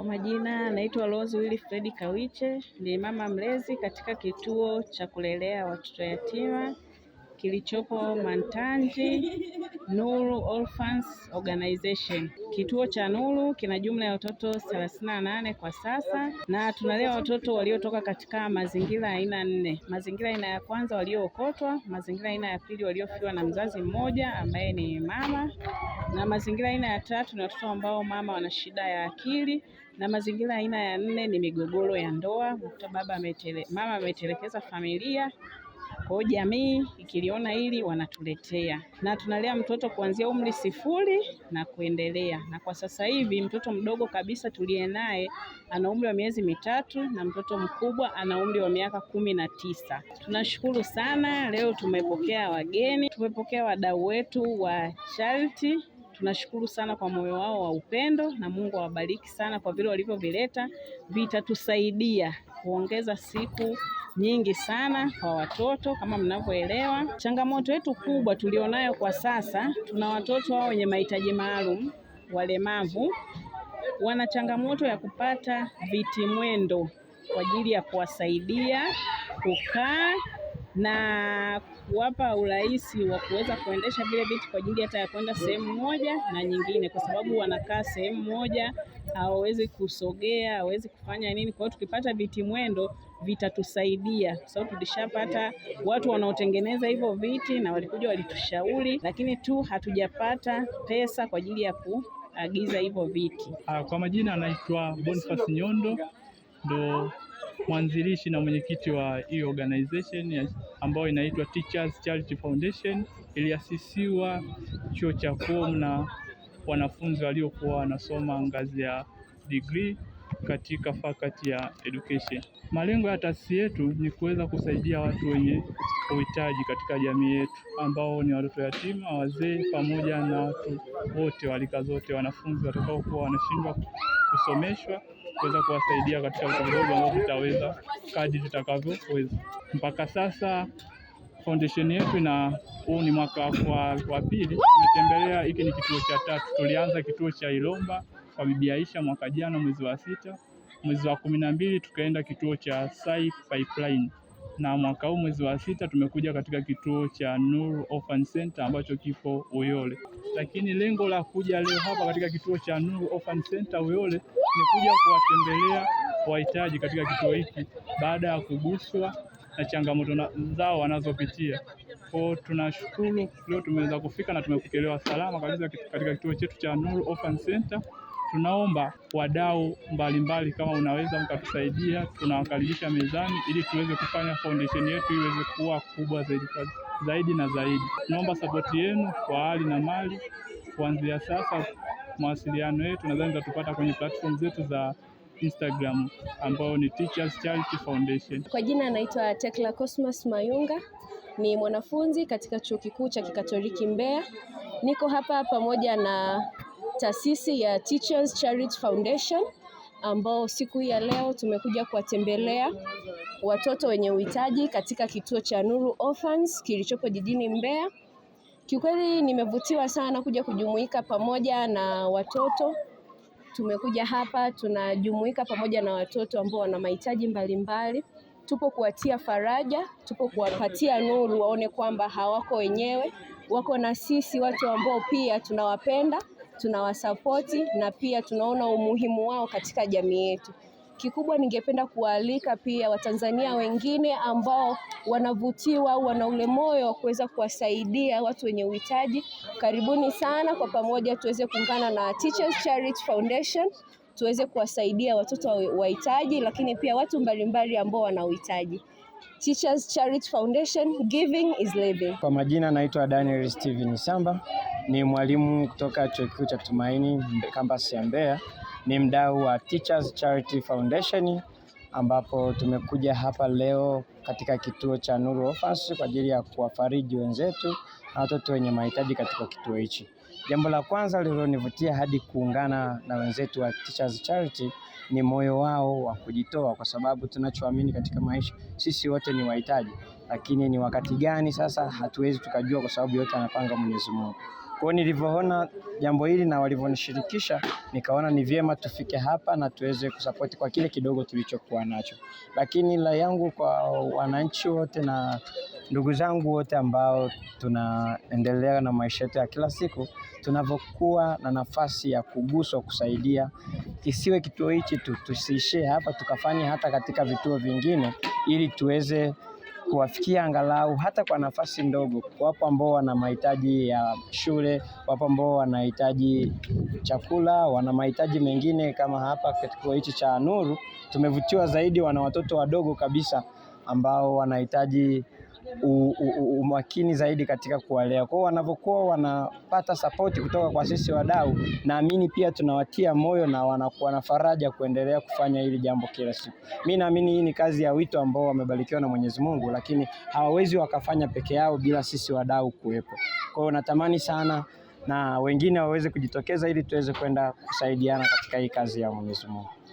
Kwa majina naitwa Rose Willy Fredi Kawiche, ni mama mlezi katika kituo cha kulelea watoto yatima kilichopo Mantanji Nuru Orphans Organization. Kituo cha Nuru kina jumla ya watoto 38 nane kwa sasa, na tunalea watoto waliotoka katika mazingira aina nne. Mazingira aina ya kwanza waliookotwa, mazingira aina ya pili waliofiwa na mzazi mmoja ambaye ni mama, na mazingira aina ya tatu ni watoto ambao mama wana shida ya akili, na mazingira aina ya nne ni migogoro ya ndoa, unakuta baba ametele, mama ametelekeza familia kwa jamii ikiliona hili wanatuletea, na tunalea mtoto kuanzia umri sifuri na kuendelea. Na kwa sasa hivi mtoto mdogo kabisa tuliye naye ana umri wa miezi mitatu na mtoto mkubwa ana umri wa miaka kumi na tisa. Tunashukuru sana, leo tumepokea wageni, tumepokea wadau wetu wa charity tunashukuru sana kwa moyo wao wa upendo, na Mungu awabariki sana kwa vile walivyovileta. Vitatusaidia kuongeza siku nyingi sana kwa watoto. Kama mnavyoelewa, changamoto yetu kubwa tulionayo kwa sasa, tuna watoto hao wenye mahitaji maalum, walemavu, wana changamoto ya kupata viti mwendo kwa ajili ya kuwasaidia kukaa na kuwapa urahisi wa kuweza kuendesha vile vitu kwa ajili hata ya kwenda sehemu moja na nyingine, kwa sababu wanakaa sehemu moja, hawawezi kusogea, hawawezi kufanya nini. Kwa hiyo tukipata viti mwendo vitatusaidia, kwa sababu tulishapata watu wanaotengeneza hivyo viti na walikuja walitushauri, lakini tu hatujapata pesa kwa ajili ya kuagiza hivyo viti. Ah, kwa majina anaitwa Boniface Nyondo ndo mwanzilishi na mwenyekiti wa hii organization ambayo inaitwa Teachers Charity Foundation. Iliasisiwa chuo cha form na wanafunzi waliokuwa wanasoma ngazi ya degree katika fakati ya education. Malengo ya taasisi yetu ni kuweza kusaidia watu wenye uhitaji katika jamii yetu ambao ni watoto yatima, wazee, pamoja na watu wote walika zote, wanafunzi watakaokuwa wanashindwa kusomeshwa kuweza kuwasaidia katika vitongoji ambao tutaweza kadi tutakavyoweza. Mpaka sasa foundation yetu, na huu ni mwaka wa pili tumetembelea, hiki ni kituo cha tatu. Tulianza kituo cha Ilomba kwa Bibi Aisha mwaka jana mwezi wa sita, mwezi wa kumi na mbili tukaenda kituo cha Sai Pipeline na mwaka huu mwezi wa sita tumekuja katika kituo cha Nur Orphan Center ambacho kipo Uyole, lakini lengo la kuja leo hapa katika kituo cha Nur Orphan Center Uyole ni kuja kuwatembelea wahitaji katika kituo hiki baada ya kuguswa na changamoto zao wanazopitia. Kwa tunashukuru leo tumeweza kufika na tumepokelewa salama kabisa katika kituo chetu cha Nur Orphan Center. Tunaomba wadau mbalimbali, kama unaweza mkatusaidia, tunawakaribisha mezani ili tuweze kufanya foundation yetu iweze kuwa kubwa zaidi zaidi na zaidi. Tunaomba sapoti yenu kwa hali na mali kuanzia sasa. Mawasiliano yetu nadhani tutapata kwenye platform zetu za Instagram ambayo ni Teachers Charity Foundation. Kwa jina anaitwa Tekla Cosmas Mayunga, ni mwanafunzi katika Chuo Kikuu cha Kikatoliki Mbeya. Niko hapa pamoja na taasisi ya Teachers Charity Foundation ambao siku hii ya leo tumekuja kuwatembelea watoto wenye uhitaji katika kituo cha Nuru Orphans kilichopo jijini Mbeya. Kiukweli nimevutiwa sana kuja kujumuika pamoja na watoto. Tumekuja hapa tunajumuika pamoja na watoto ambao wana mahitaji mbalimbali. Tupo kuwatia faraja, tupo kuwapatia nuru, waone kwamba hawako wenyewe, wako na sisi watu ambao pia tunawapenda tunawasapoti na pia tunaona umuhimu wao katika jamii yetu. Kikubwa ningependa kuwaalika pia Watanzania wengine ambao wanavutiwa au wana ule moyo wa kuweza kuwasaidia watu wenye uhitaji. Karibuni sana, kwa pamoja tuweze kuungana na Teachers Charity Foundation tuweze kuwasaidia watoto wahitaji, lakini pia watu mbalimbali ambao wana uhitaji. Teachers Charity Foundation, giving is living. Kwa majina naitwa Daniel Steven Samba, ni mwalimu kutoka Chuo Kikuu cha Tumaini kampasi ya Mbeya, ni mdau wa Teachers Charity Foundation ambapo tumekuja hapa leo katika kituo cha Nuru Orphans kwa ajili ya kuwafariji wenzetu na watoto wenye mahitaji katika kituo hichi. Jambo la kwanza lililonivutia hadi kuungana na wenzetu wa Teachers Charity ni moyo wao wa kujitoa, kwa sababu tunachoamini katika maisha sisi wote ni wahitaji, lakini ni wakati gani sasa hatuwezi tukajua, kwa sababu yote anapanga Mwenyezi Mungu. Kwa hiyo nilivyoona jambo hili na walivyonishirikisha, nikaona ni vyema tufike hapa na tuweze kusapoti kwa kile kidogo tulichokuwa nacho, lakini la yangu kwa wananchi wote na Ndugu zangu wote ambao tunaendelea na maisha yetu ya kila siku, tunavyokuwa na nafasi ya kuguswa, kusaidia, kisiwe kituo hichi tu, tusiishie hapa, tukafanye hata katika vituo vingine, ili tuweze kuwafikia angalau hata kwa nafasi ndogo. Wapo ambao wana mahitaji ya shule, wapo ambao wanahitaji chakula, wana mahitaji mengine. Kama hapa katika hichi cha Nuru tumevutiwa zaidi, wana watoto wadogo kabisa ambao wanahitaji umakini zaidi katika kuwalea. Kwa hiyo wanavyokuwa wanapata sapoti kutoka kwa sisi wadau, naamini pia tunawatia moyo na wanakuwa na faraja kuendelea kufanya hili jambo kila siku. Mimi naamini hii ni kazi ya wito ambao wamebarikiwa na Mwenyezi Mungu, lakini hawawezi wakafanya peke yao bila sisi wadau kuwepo. Kwa hiyo natamani sana na wengine waweze kujitokeza ili tuweze kwenda kusaidiana katika hii kazi ya Mwenyezi Mungu.